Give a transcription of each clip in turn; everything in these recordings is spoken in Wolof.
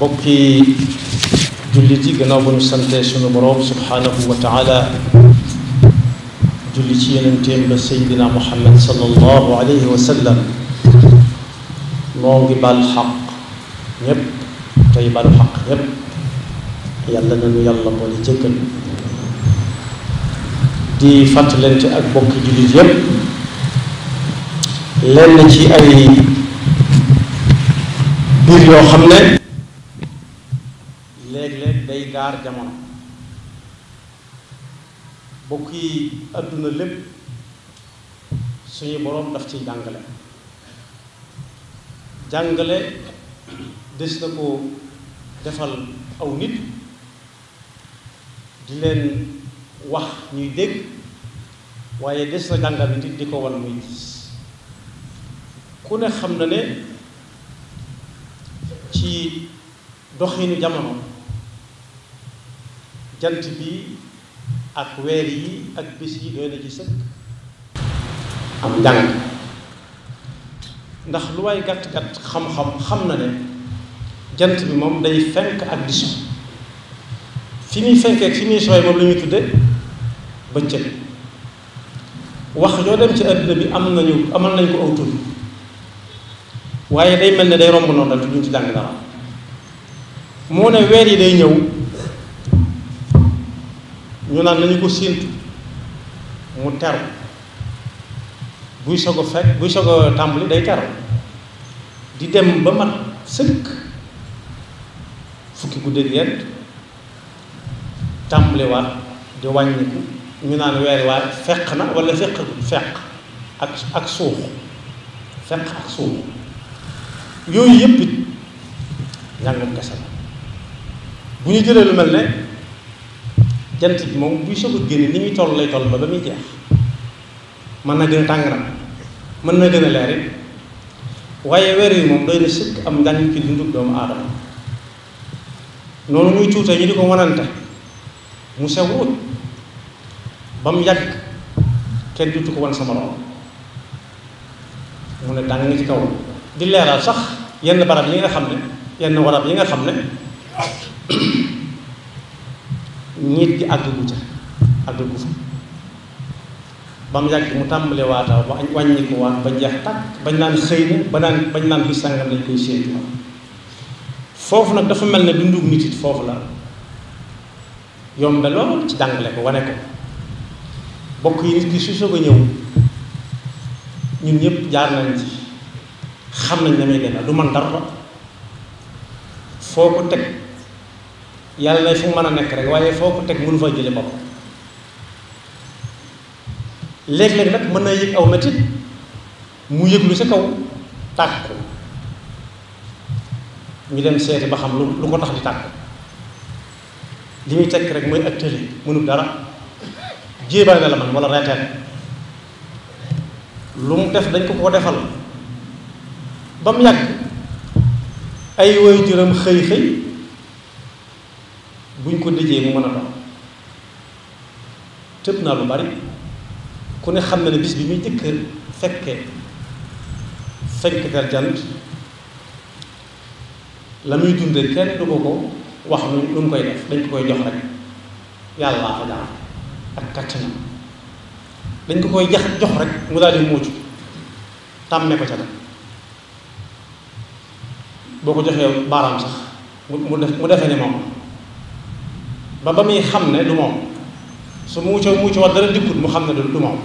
bokki jullit yi gannaaw ba ñu sante sunu boroom subhaanahu wa taala julli ci yenenteem ba seydina muhammad sallallahu alayhi wa sallam noo ngi balu xaq ñépp tey balu xaq ñépp yàlla nañu yàlla boole ak bokki jullit yépp lenn ci ay biir yoo xam day gaar jamono bokk yi àdduna lépp suñu boroom daf ci jàngale jàngale des na ko defal aw nit di leen wax ñuy dégg waaye des na jàngal nit di ko wan muy gis ku ne xam na ne ci doxinu jamono jant bi ak weer yi ak bis yi doy na ci sëkk am njàng ndax lu waay gàtt-gàtt xam-xam xam na ne jant bi moom day fenk ak di so fi muy fenkee fi muy sooy moom la ñuy tudde bëccëg wax yoo dem ci àdduna bi am nañu amal nañ ko aw tur waaye day mel na day romb noonu rek duñ ci jàng dara moo ne weer yi day ñëw ñu naan lañu ko séentu mu teru buy soog a fekk buy soog a day teru di dem ba mat sëkk fukki guddeeg yent tàmbaliwaat di wàññiku ñu naan weer waat feq na walla feq feq ak ak suux feq ak suux yooyu yëpp it kese la bu ñu jëlee lu mel ne jant bi moom buy soog a génne ni muy toll lay toll ba ba muy jeex mën na gën a tàngaram mën na gën a leer it waaye weer yi moom doy na sëkk am njàng ci dundu doomu aadama noonu muy tuute ñu di ko wanante mu sew ut ba mu yàgg kenn dutu ko wan sama morom mu ne dàng ci kaw di leeral sax yenn barab yi nga xam ne yenn warab yi nga xam ne nit gi àggagu ca àggagu fa ba mu yàgg mu tàmbale waataaw ba wàññi ko waat ba jeex tàkk bañ naan xëy na ba naan bañ naan bis sàngam lañ koy séentu foofu nag dafa mel ne dundug nit it foofu la yomb da lool ci jàngale ko wane bokk yi nit ki su soog a ñëw ñun ñëpp jaar nañ ci xam nañ na muy demee du man dara foo ko teg yàlla fu mën a nekk rek waaye foo ko teg mënu fa jële bopp léeg-léeg nag mën na yëg aw metit mu yëg lu sa kaw tàkku ñu dem seeti ba xam lu lu ko tax di tàkku li muy tekk rek mooy ak tëli mënul dara jéebaa ne la man wala reeteen lu mu def dañ ko ko defal ba mu yàgg ay woy juram xëy xëy buñ ko dijee mu mën a dox tëb naa lu bari ku ne xam na ne bis bi muy jëkk fekke fenktal jant la muy dunde kenn du ko ko wax lu mu koy def dañ ko koy jox rek yàlla fa daal ak kàttanam dañ ko koy jax jox rek mu daal di muucu tàmme ko ca nag boo ko joxee baaraam sax mu def mu defee ne moom ba ba muy xam ne du moom su muuco muuco wax dara dikkut mu xam ne du moom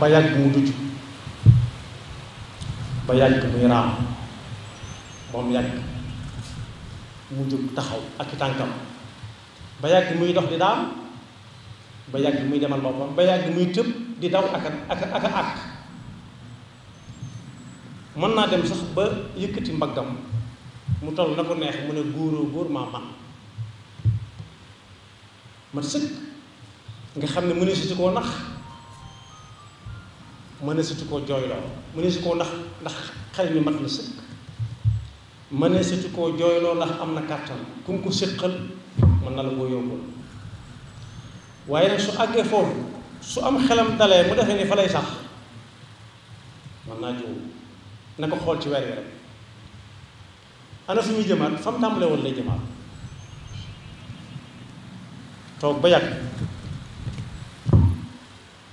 ba yàgg mu dujj ba yàgg muy raam moom yàgg mu jóg taxaw ak i tànkam ba yàgg muy dox di daam ba yàgg muy demal boppam ba yàgg muy tëb di daw ak ak ak ak mën naa dem sax ba yëkkati mbaggam mu toll na ko neex mu ne góoroo góor maa man man sëkk nga xam ne mënee sutu koo nax mënee sutu koo jooyloo mënee sutu koo nax ndax xel mi mat na sëkk ne sutu koo jooyloo ndax am na kàttan ku mu ko sëqal mën na la koo waaye nag su àggee foofu su am xelam dalee mu defee ni fa lay sax mën naa jiw na ko xool ci weer wi rek ana fi muy jëmaat fam tàmbale woon lay jëmaat toog ba yàgg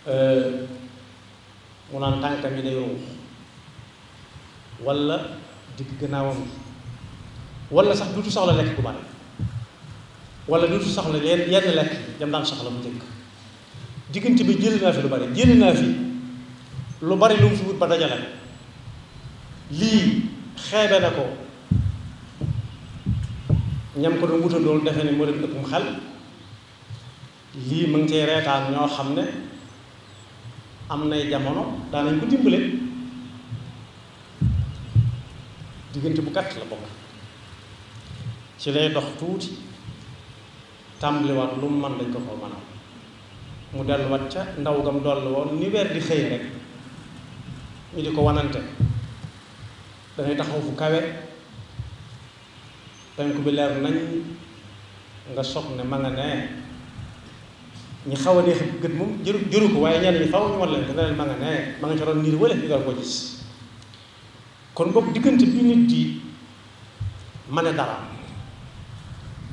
euh, mu naan tànkam yi day ruux wala digg gannaawam wala sax duutu soxla lekk bu bari wala duutu soxla yenn yenn lekk jam daan soxla mu njëkk diggante bi jëli naa fi lu bari jëli naa fi lu bari lu mu fi wut ba dajale lii xeebe na ko ñam ko doon wutal loolu defe ne moo leen ëppum xel lii mu ngi cay reetaan ñoo xam ne am nay jamono daanañ ko dimbale diggante bu gàtt la bokk ci lay dox tuuti tàmbaliwaat lu mu man lañ ko ko mënal mu delluwaat ca ndaw gam doll woon ni weer di xëy rek ñu di ko wanante danay taxaw fu kawe tënk bi leer nañ nga soog ne ma nga ne ñi xaw a neex gët moom jëru jëru ko waaye ñenn ñi xaw ñu war leen ma nga ne ma nga ca doon niir wala ñu doon ko gis kon boog diggante bi nit di ma a dara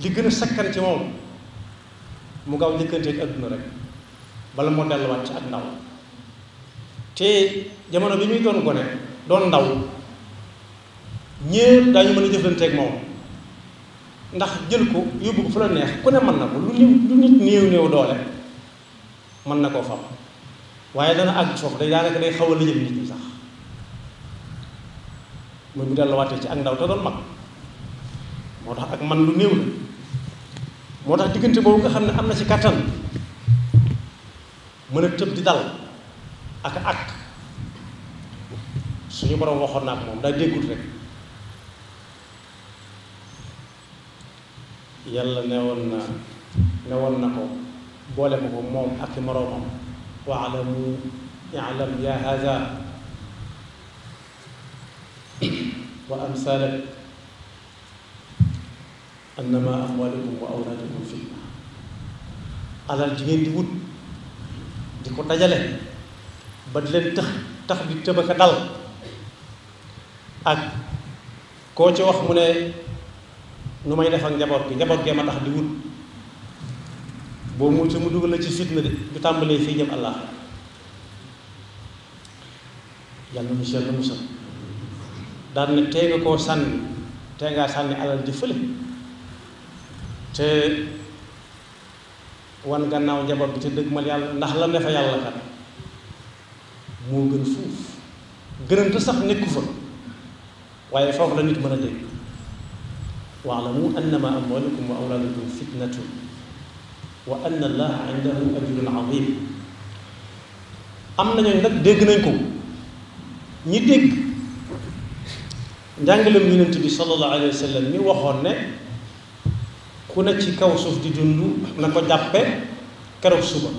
li gën a sakkan ci moom mu gaaw njëkkanteeg adduna rek bala moo delluwaat ci ak ndaw te jamono bi muy doon gone doon ndaw ñépp daañu mën a jëflanteeg moom ndax jël ko yóbbu ko fu la neex ku ne mën na ko lu néew lu nit néew néew doole mën na koo fam waaye dana àgg foofu day daanaka day xaw a lëjëm nit ñi sax mooy bu delluwaatee ci ak ndaw te doon mag moo tax ak man lu néew la moo tax diggante boobu nga xam ne am na ci kattan mën a tëb di dal ak ak suñu borom waxoon naa ko moom daa déggut rek yàlla newoon na newoon na ko boole ko ko moom ak i moroomam waalamu ilam ya haza wa amsalak annama amwalukum wa awlaadukum fitna alal ji di wut di ko dajale ba di leen tax tax di tëbaka dal ak koo ci wax mu ne nu may def njaboot bi njaboot gee ma tax di wut boo mu su mu dugal la ci fitna de du tàmbalee fii jëm allah yàlla mu sell mu sell daan ne tee nga koo sànni tee ngaa sànni alal ji te wan gannaaw njaboot bi te dëgg mal yàlla ndax la ne fa yàlla kat moo gën fuuf gënante sax nekku fa waaye foofu la nit mën a dégg waalamu annama amwalukum wa awlaadukum fitnatun wa anna allaha indahu ajrun azim am nañu nag dégg nañ ko ñi dégg njàngalem yonent bi sallallahu alayhi wa sallam mi waxoon ne ku ne ci kaw suuf di dund na ko jàppe keroog suba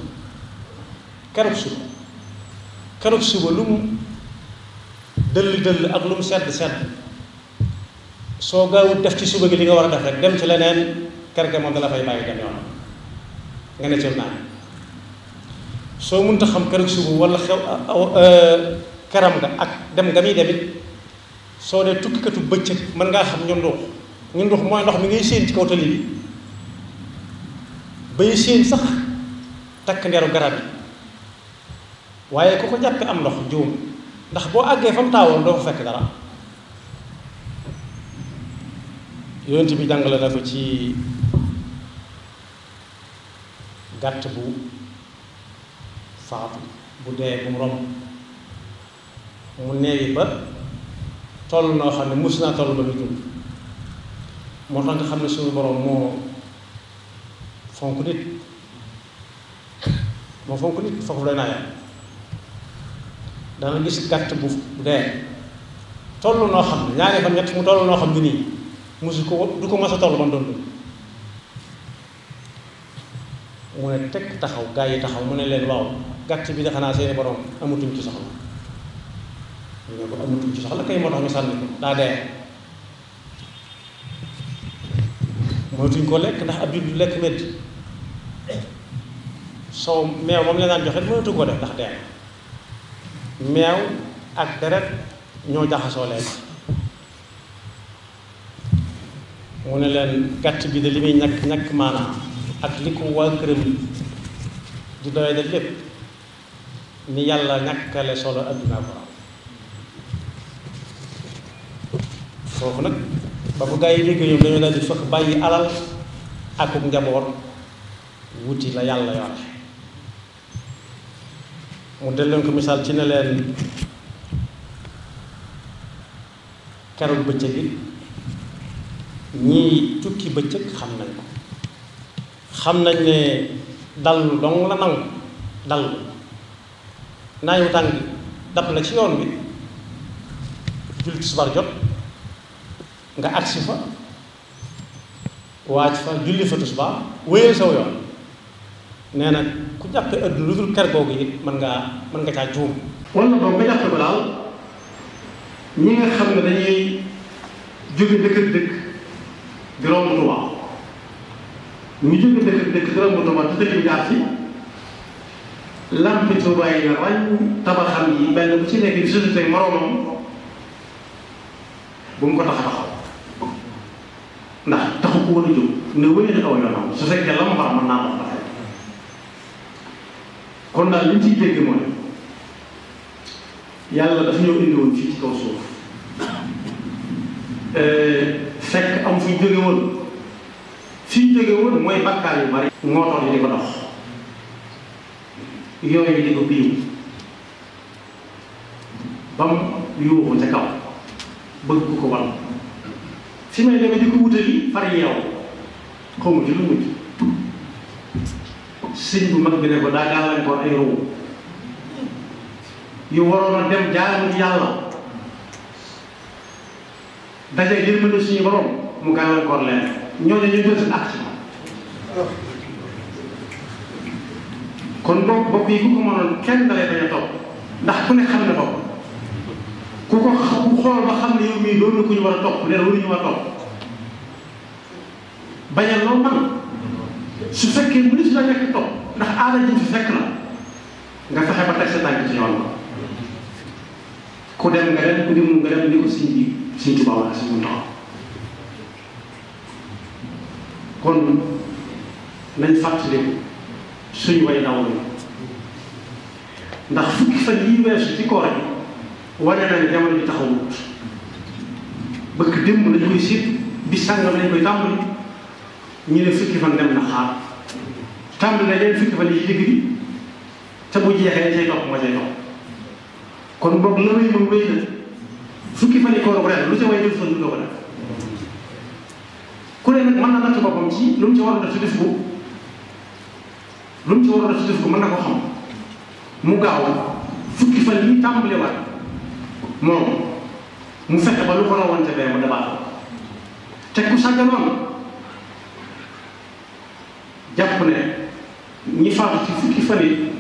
keroog suba keroog suba lu mu dëll dëll ak lu mu sedd sedd soo gaawut def ci suba bi li nga war a def rek dem ci leneen kerke moom dala fay bàyyi dem yoonam nga ne ci naan soo mënta xam kër suba walla xew eh, karam nga ak dem nga muy demit soo dee tukkikatu bëccëg mën ngaa xam ñu ndox ñu ndox mooy ndox mi ngay séen ci kaw tali bi bay séen sax takk nderu garab yi waaye ku ko jàppee am ndox juum ndax boo àggee fa mu taawoon doo ko fekk dara yonent bi jàngale na ko ci gàtt bu faatu bu dee bu mu romb mu neewi ba toll noo xam ne mus naa toll ba muy dund moo tax nga xam ne suñu borom moo fonk nit moo fonk nit foofu day naa yam dana gis gàtt bu bu dee toll noo xam ne ñaari fan ñett mu toll noo xam ne nii mosu ko du ko mas a toll man mu ne teg taxaw gaa yi taxaw mu ne leen waaw gàtt bi de xanaa seeni borom amatuñ ci soxla ñu ne ko amatuñ ci soxla kay moo tax ñu sànni ko daa dee mënatuñ ko lekk ndax ab du lekk métti soow meew moom leen daan joxe mënatu ko def ndax dee meew ak deret ñoo jaxasoo leen mu ne leen gàtt bi de li muy ñàkk ñàkk maanaam ak li ko waa këram di doy de lépp ni yàlla ñàkkale solo addunaa ko foofu nag ba ko gaa yi dégg ñoom dañoo daal di fëkk bàyyi alal akub njaboot wuti la yàlla yore mu del ko misaal ci ne leen keroog bëccëg ñii tukki bëccëg xam nañ ko xam nañ ne dal dong la nangu dallu naaj wu tàng la ci yoon bi jullit subar jot nga agsi fa waaj fa julli fa tisbaar wéyal saw yoon nee na ku jàppe ëdd lu dul ker googu it mën ngaa mën nga caa juum wala boog nga jàppe ko daal ñi nga xam ne dañuy jóge dëkk dëkk di romb Tuubaa ñu jóge dëkk dëkk di romb Tuubaa te dëkk jaar ci lampi Tuubaa yi la wàññi tabaxam yi benn bu ci nekk di société moroomam bu mu ko tax a taxaw ndax taxu ko war a ne wëyee aw yoonam su fekkee la mu war mën naa wax dafay kon daal liñ ciy dégg mooy yàlla dafa ñëw ci kaw suuf fekk am fu jóge woon fi jóge woon mooy bakkaar yu bari moo tax ñu di ko dox yooyu di ko biiw ba mu yuuxu ca kaw bëgg ku ko wan fi may demee di ko wutali far yeew xaw ci lu mujj sëñ bu mag bi ne ko daa gàllankoor ay rowu yu waroon a dem jaaram ci yàlla dajee yërmande suñu borom mu gàllankoor leen ñooñu ñu jël seen ak ci kon boobu bopp yi ku ko mënoon kenn dalay bañ ndax ku ne xam ne bopp ku ko xool ba xam ne yow mii doon ku ñu war a topp nee na waruñu war a topp bañal loo mën su fekkee mënees la nekk topp ndax aada ji fi fekk na nga fexe ba teg sa tànk ci yoon ba ku dem nga dem ku dimul nga dem ni ko sëñ bi sëñ Tuubaa wala sëñ Muntaxa kon nañ suñu way daw la ndax fukki fan yi weesu ci koor yi wane nañ jamono ji taxawut bëgg démb lañ koy si bi sàngam lañ koy tàmbali ñu ne fukki fa dem na xaar tàmbali na leen fukki fan yi ci digg bi te bu jeexee cay topp ma cay topp kon boog la wéy moom fukki fan yi kooru ren lu ca way def fan bi nga ko ku ne nag mën na natt boppam ci lu mu ci war a def ci def ko lu mu ci war a def ci ko mën na ko xam mu gaaw fukki fan yi tàmbaliwaat moom mu fexe ba lu ko rawante bee mu dabaax te ku sàgganoon jàpp ne ñi faatu ci fukki fan yi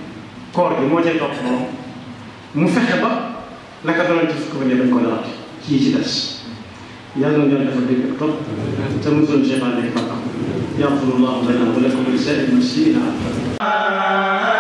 koor bi moo cay topp moom mu fexe ba naka doon ci fukk ba ne dañ ko ci des yàlla na yàlla dafa dégg ak topp te mu doon seytaan nekk ba tax yàlla na yàlla na yàlla na